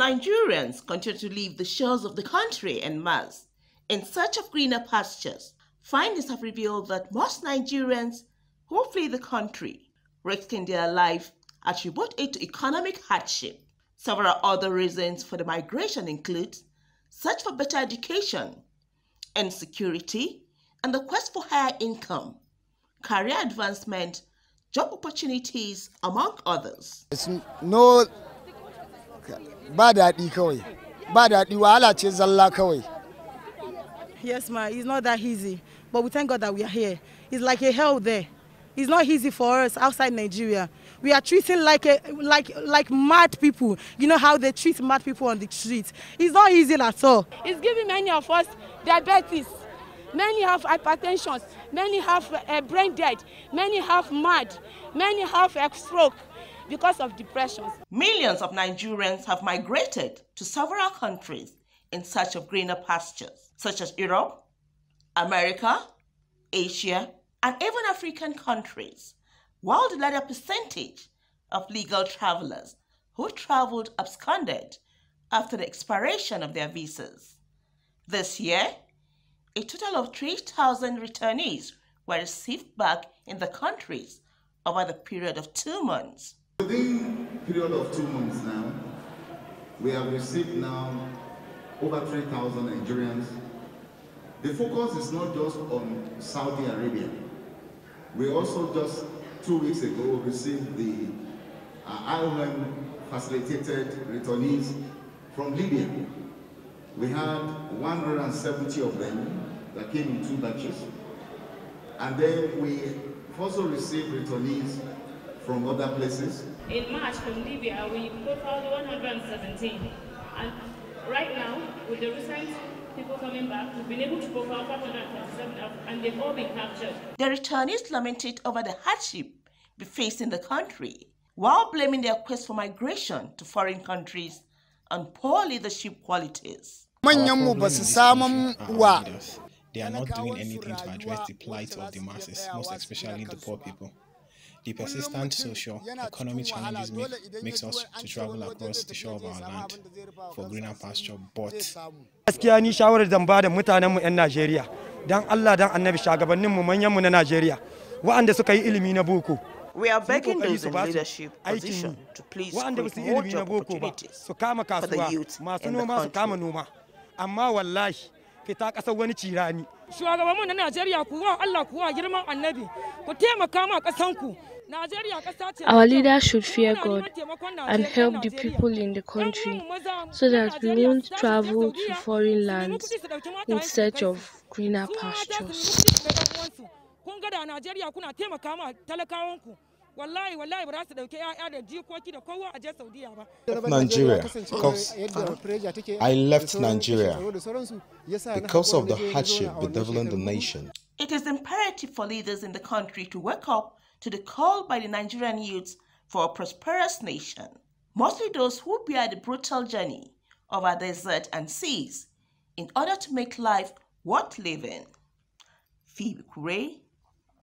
Nigerians continue to leave the shores of the country en masse in search of greener pastures. Findings have revealed that most Nigerians who flee the country risking their life attribute it to economic hardship. Several other reasons for the migration include search for better education, insecurity, and the quest for higher income, career advancement, job opportunities, among others. It's no ba daɗi kawai ba daɗi wahala ce zalla kawai yes ma it's not that easy but we thank god that we are here it's like a hell there it's not easy for us outside nigeria we are treating like a, like like mad people you know how they treat mad people on the street it's not easy at all it's giving many of us diabetes many have hypertension many have uh, brain dead many have mad many have uh, stroke because of depressions. Millions of Nigerians have migrated to several countries in search of greener pastures, such as Europe, America, Asia, and even African countries, while the latter percentage of legal travelers who traveled absconded after the expiration of their visas. This year, a total of 3,000 returnees were received back in the countries over the period of two months. Within period of two months now, we have received now over 3,000 Nigerians. The focus is not just on Saudi Arabia. We also just two weeks ago received the uh, IOM facilitated returnees from Libya. We had 170 of them that came in two batches. And then we also received returnees from other places? In March from Libya, we profiled 117. And right now, with the recent people coming back, we've been able to profile 537 and they've all been captured. The returnees lamented over the hardship they faced in the country, while blaming their quest for migration to foreign countries and poor leadership qualities. They are not doing anything to address the plight of the masses, most especially the poor people. The persistent social economic challenges make, makes us to travel across the shore of our land for greener pasture, but gaskiya ni shawarar zan ba da mutanen mu 'yan Najeriya dan Allah dan Annabi shagabannin mu manyan mu na Najeriya waɗanda suka yi ilimi na boko We are begging those in leadership position to please create more job opportunities su kama kasuwa masu noma su kama noma amma wallahi fita ƙasar wani cirani shugabanmu na Najeriya kuwa Allah kuwa girman annabi ku taimaka ma kasanku. Our leaders should fear God and help the people in the country so that we won't travel to foreign lands in search of greener pastures. Nigeria, because I left Nigeria because of the hardship bedeviling the nation. It is imperative for leaders in the country to wake up to the call by the Nigerian youth for a prosperous nation, mostly those who bear the brutal journey over desert and seas in order to make life worth living. Phoebe Kure,